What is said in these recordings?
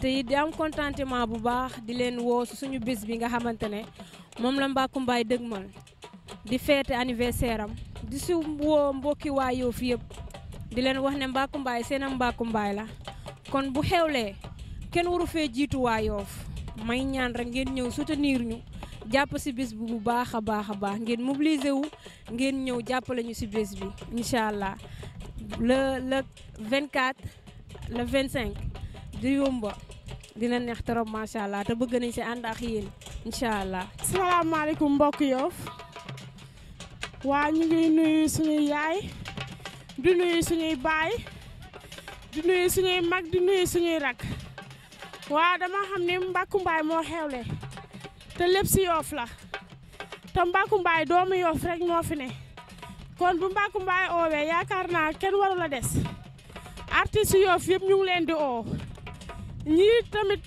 te it di am contentement bu baax di leen woo suñu bis bi nga xamante ne moom la Mbackou Mbaye dëgmal di feete anniversaire am di si woo mbokki waa Yoff yëpp di leen wax ne Mbackou Mbaye seen am la kon bu xewlee kenn waru fee jiitu waa Yoff may ñaan rek ngeen ñëw niir ñu jàpp si bis bi bu baax a baax a baax ngeen mobiliser wu ngeen ñëw jàppale ñu si bis bi incha allah le le 24 le 25 di yomba dina neex trop macha allah te bëgg nañ si ànd ak yéen incha allah. salaamaaleykum mbokk Yoff waa ñu ngi nuyu suñuy yaay di nuyu suñuy baay di nuyu suñuy mag di nuyu suñuy rak waa dama xam ne Mbackou moo xewle te lépp si Yoff la te Mbackou Mbaye doomu Yoff rek moo fi ne kon bu Mbackou oowee yaakaar naa kenn waru la des artistes Yoff yëpp ñu ngi leen di oo ñii tamit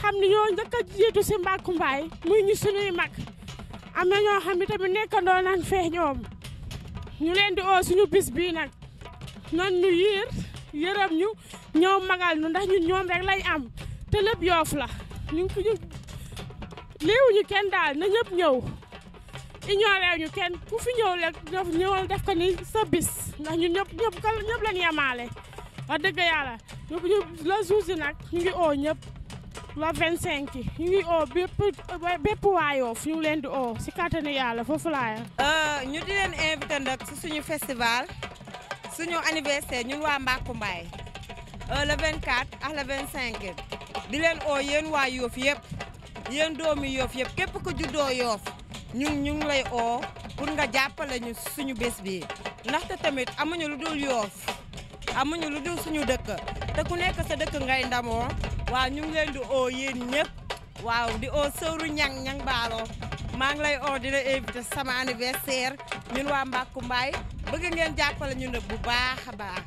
xam ne ñoo njëkk a jiitu si mbàkku mbaay muy mag am na ñoo xam ne tamit nekkandoo nañ fee ñu leen di oo suñu bis bii nag nan ñu yiir yërëm ñu ñëw magal ñu ndax ñun ñoom rek lañ am te lépp yoof ñu ngi ñu léewuñu kenn daal na ñëpp ñëw ignoreew ñu kenn ku fi ñëw rek ñëwal def ko sa bis ndax ñun ñëpp ñëpp ñëpp lañ yemaale wax dëgg yàlla ñu la jour ñu ñëpp la 25 ñu ngi oo fi ñu leen di oo si kàttanu yàlla foofu laaya euh, ñu di leen invité si suñu festival suñu anniversaire ñun waa Mbackou euh, di leen oo yéen waa Yoff yëpp yéen doomi yëpp képp ku juddoo Yoff ñu ngi lay oo pour nga jàppale ñu suñu bés bi ndaxte tamit amuñu lu dul Yoff amuñu lu dul suñu dëkk te ku nekk sa dëkk ngay ndamoo waa ñu ngi leen di oo yéen ñëpp waaw di oo sëwru ñaŋ ñang baaloo maa ngi lay oo di la invité sama anniversaire ñun waa Mbackou Mbaye bëgg ngeen jàppale ñu nag bu baax a baax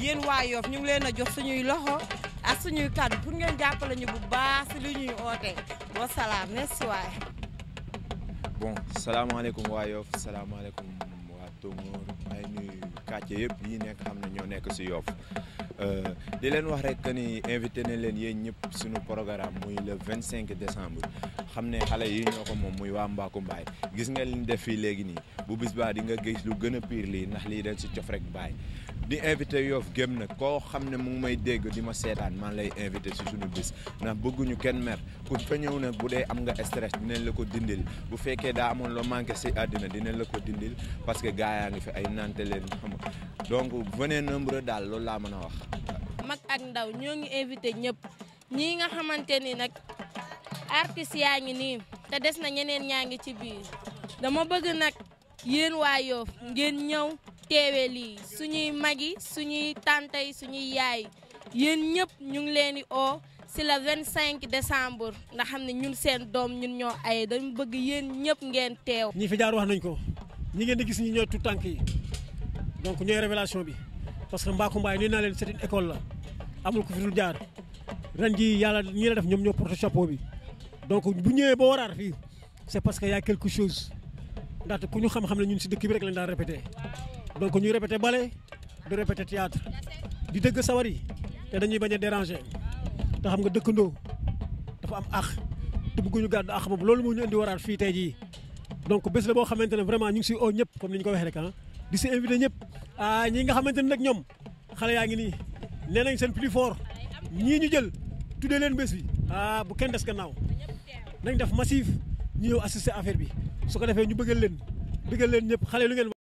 yéen waa Yoff ñu leen a jox suñuy loxo ak suñuy kàddu pour ngeen jàppale ñu bu baax si li ñuy oote wasalaam merci waay. bon salaamaaleykum waa Yoff salaamaaleykum waa Tóngoor quartier yëpp yi nekk xam ne ñoo nekk si Yoff Euh, di leen wax rek que ni invité na leen yéen ñëpp suñu programme muy le vingt cinq décembre xam ne xale yi ñoo ko moom muy waa Mbackou Mbaye gis nga liñ def fii léegi nii bu bis baa di nga gis lu gën a pire lii ndax lii dañ si cof rek bàyyi di invité yoof gém nag koo xam ne mu ngi may dégg di ma seetaan man lay invité si suñu bis ndax bëgguñu kenn mer ku fa ñëw nag bu dee am nga stress dinañ la ko dindil bu fekkee daa amoon loo manqué si àddina dinañ la ko dindil parce que gaayaa ngi fi ay nante leen xam nga donc venez nombreux daal loolu laa mën a wax mag ak ndaw ñoo ngi invité ñëpp ñii nga xamante ni nag artistes yaa ngi nii te des na ñeneen ñaa ngi ci biir dama bëgg nag yéen waa Yoff ngeen ñëw teewe lii suñuy mag yi suñuy tante yi suñuy yaay yéen ñëpp ñu ngi leen di o si la 25 décembre nga xam ne ñun seen doom ñun ñoo ay dañu bëgg yéen ñëpp ngeen teew. ñi fi jaar wax nañ ko ñi ngeen di gis ñu ñooy tout tànk yi donc ñooy révélation bi parce que Mbacké Mbaye nee naa leen c'est une école la. amul y a dul jaar ren la def ñoo chapeau donc bu ñëwee c'est parce qu'il y a quelque chose On ku xam-xam ne ñun si dëkk bi rek répété donc théâtre di sawar yi dañuy déranger te xam nga dëkkandoo dafa am ax te bëgguñu ax boobu loolu moo ñu indi donc bés la vraiment ñu ngi si comme ni ko waxee rek ah di si invité ñëpp ah ñi nga nee nañ seen plus foor ñii ñu jël tuddee leen bés bi ah bu kenn des gannaaw nañ def massif ñu ñëw assister affaire bi su ko defee ñu bëggal leen bëggal leen ñëpp xale lu ngeen.